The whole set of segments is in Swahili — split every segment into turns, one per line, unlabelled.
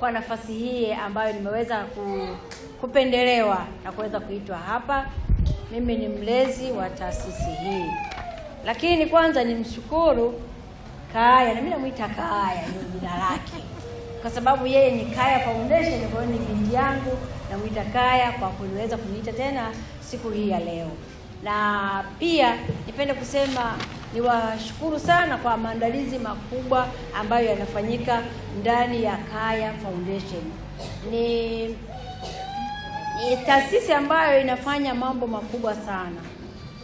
kwa nafasi hii ambayo nimeweza kupendelewa na kuweza kuitwa hapa. Mimi ni mlezi wa taasisi hii, lakini kwanza nimshukuru Kaya, na mimi namwita Kaya, ni jina lake kwa sababu yeye ni Kaya Foundation. Kwa hiyo ni binti yangu, namwita Kaya kwa kuweza kuniita tena siku hii ya leo. Na pia nipende kusema niwashukuru sana kwa maandalizi makubwa ambayo yanafanyika ndani ya Kaya Foundation. Ni, ni taasisi ambayo inafanya mambo makubwa sana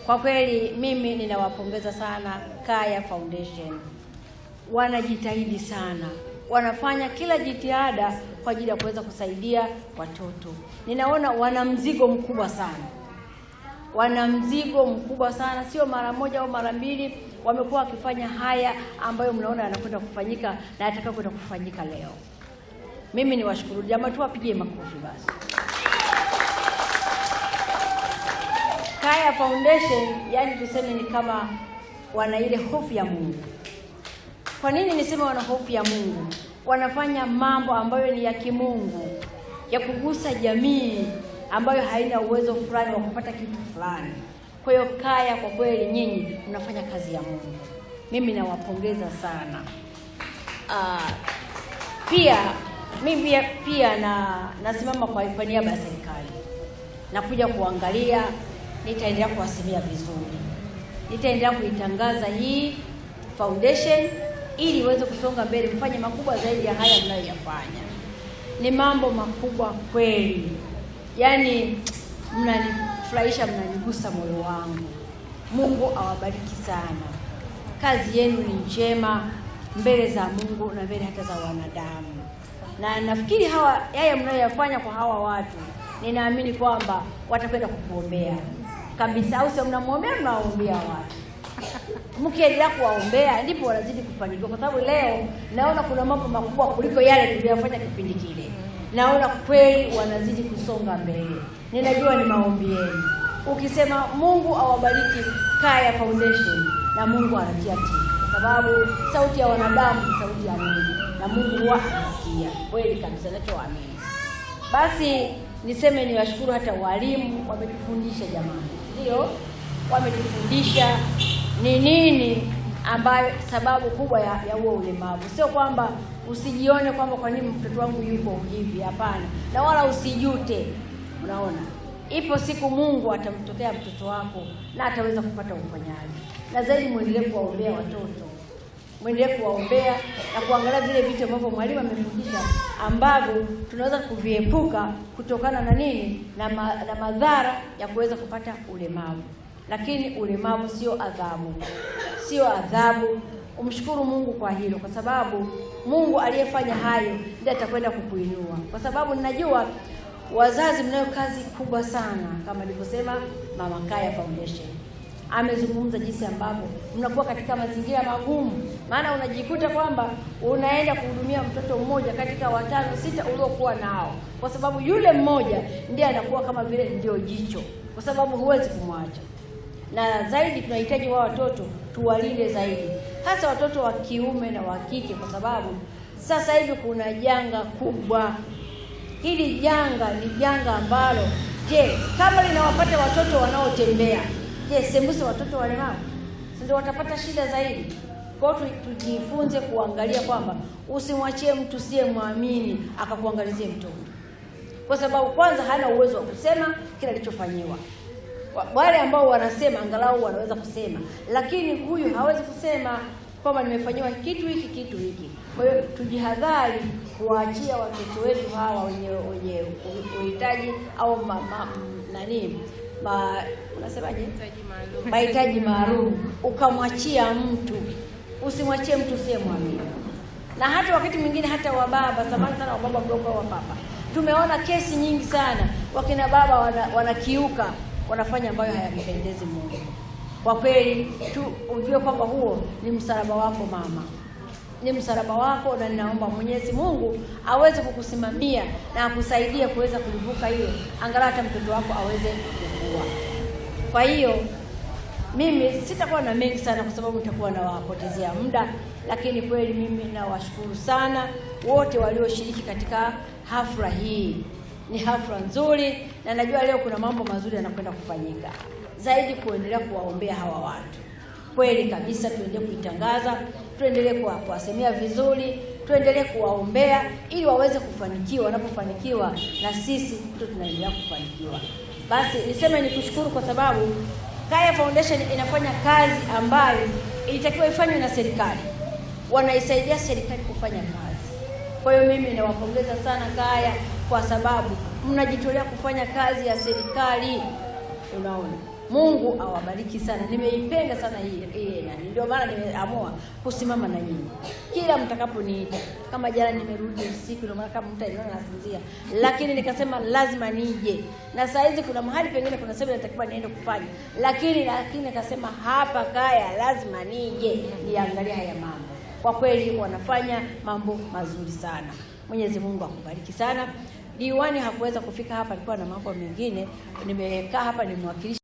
kwa kweli. Mimi ninawapongeza sana Kaya Foundation, wanajitahidi sana wanafanya kila jitihada kwa ajili ya kuweza kusaidia watoto. Ninaona wana mzigo mkubwa sana, wana mzigo mkubwa sana, sio mara moja au mara mbili, wamekuwa wakifanya haya ambayo mnaona yanakwenda kufanyika na yataka kwenda kufanyika leo. Mimi ni washukuru jamaa tu, wapigie makofi basi. Kaya Foundation, yani tuseme ni kama wana ile hofu ya Mungu. Kwa nini niseme wana hofu ya Mungu? Wanafanya mambo ambayo ni ya kimungu, ya kugusa jamii ambayo haina uwezo fulani wa kupata kitu fulani. Kwa hiyo kaya, kwa kweli nyinyi mnafanya kazi ya Mungu, mimi nawapongeza sana. Uh, pia mimi pia na nasimama kwa, kwa niaba ya serikali nakuja kuangalia, nitaendelea kuwasimia vizuri, nitaendelea kuitangaza hii foundation ili iweze kusonga mbele, mfanye makubwa zaidi ya haya mnayoyafanya. Ni mambo makubwa kweli, yaani mnani mnanifurahisha, mnanigusa moyo wangu. Mungu awabariki sana, kazi yenu ni njema mbele za Mungu na mbele hata za wanadamu, na nafikiri hawa yaya mnayoyafanya kwa hawa watu, ninaamini kwamba watakwenda kukuombea kabisa, au sio? Mnamwombea, mnawaombea watu mkiendelea kuwaombea ndipo wanazidi kufanikiwa, kwa sababu leo naona kuna mambo makubwa kuliko yale tuliyofanya kipindi kile naona kweli wanazidi kusonga mbele. Ninajua ni maombi yenu. Ukisema Mungu awabariki Kaya Foundation, na Mungu anatia tiki, kwa sababu sauti ya wanadamu ni sauti ya Mungu na Mungu huwa anasikia kweli kabisa. Nachoamini basi niseme niwashukuru hata walimu, wametufundisha jamani, ndio wametufundisha ni nini ambayo sababu kubwa ya, ya huo ulemavu. Sio kwamba usijione kwamba kwa nini mtoto wangu yuko hivi, hapana, na wala usijute. Unaona, ipo siku Mungu atamtokea mtoto wako na ataweza kupata uponyaji. Na zaidi mwendelee kuwaombea watoto, mwendelee kuwaombea na kuangalia vile vitu ambavyo mwalimu amefundisha ambavyo tunaweza kuviepuka kutokana na nini na, ma, na madhara ya kuweza kupata ulemavu lakini ulemavu sio adhabu, sio adhabu. Umshukuru Mungu kwa hilo, kwa sababu Mungu aliyefanya hayo ndiye atakwenda kukuinua, kwa sababu ninajua wazazi mnayo kazi kubwa sana, kama nilivyosema, Mama Kaya Foundation amezungumza jinsi ambavyo mnakuwa katika mazingira magumu, maana unajikuta kwamba unaenda kuhudumia mtoto mmoja katika watano sita uliokuwa nao, kwa sababu yule mmoja ndiye anakuwa kama vile ndio jicho, kwa sababu huwezi kumwacha na zaidi tunahitaji wa watoto tuwalinde zaidi, hasa watoto wa kiume na wa kike, kwa sababu sasa hivi kuna janga kubwa. Hili janga ni janga ambalo, je, kama linawapata watoto wanaotembea, je, sembuse watoto walemavu, ndio watapata shida zaidi? Kwa hiyo tujifunze kuangalia kwamba usimwachie mtu siyemwamini akakuangalizie mtoto, kwa sababu kwanza hana uwezo wa kusema kila alichofanyiwa wale ambao wanasema angalau wanaweza kusema, lakini huyu hawezi kusema kwamba nimefanyiwa kitu hiki kitu hiki. Kwa hiyo tujihadhari kuwaachia watoto wetu hawa wenye wenye uhitaji au ma, ma, nani ma, unasemaje, mahitaji maalum, ukamwachia mtu, usimwachie mtu usiyemwamini. Na hata wakati mwingine hata wa baba samani sana, wa baba wa papa, tumeona kesi nyingi sana wakina baba wanakiuka wana wanafanya ambayo hayampendezi Mungu. Kwa kweli tu ujue kwamba huo ni msalaba wako mama, ni msalaba wako, na ninaomba Mwenyezi Mungu aweze kukusimamia na akusaidia kuweza kulivuka hiyo, angalau hata mtoto wako aweze kukua. Kwa hiyo mimi sitakuwa na mengi sana, kwa sababu nitakuwa nawapotezea muda, lakini kweli mimi nawashukuru sana wote walioshiriki katika hafla hii ni hafla nzuri, na najua leo kuna mambo mazuri yanakwenda kufanyika zaidi, kuendelea kuwaombea hawa watu kweli kabisa. Tuendelee kuitangaza, tuendelee kuwasemea vizuri, tuendelee kuwaombea ili waweze kufanikiwa. Wanapofanikiwa na sisi tuto tunaendelea kufanikiwa. Basi niseme ni kushukuru kwa sababu Kaya Foundation inafanya kazi ambayo ilitakiwa ifanywe na serikali, wanaisaidia serikali kufanya kazi. Kwa hiyo mimi nawapongeza sana Kaya kwa sababu mnajitolea kufanya kazi ya serikali. Unaona, Mungu awabariki sana. Nimeipenda sana hii yani ndio maana nimeamua kusimama na nyinyi kila mtakaponiita. Kama jana nimerudi usiku, ndio maana kama mtaniona nasinzia, lakini nikasema lazima nije, na saa hizi kuna mahali pengine kuna sehemu natakiwa niende kufanya, lakini lakini nikasema hapa kaya lazima nije niangalie haya mambo. Kwa kweli wanafanya mambo mazuri sana. Mwenyezi Mungu akubariki sana diwani hakuweza kufika hapa, alikuwa na mambo mengine. Nimekaa hapa nimwakilisha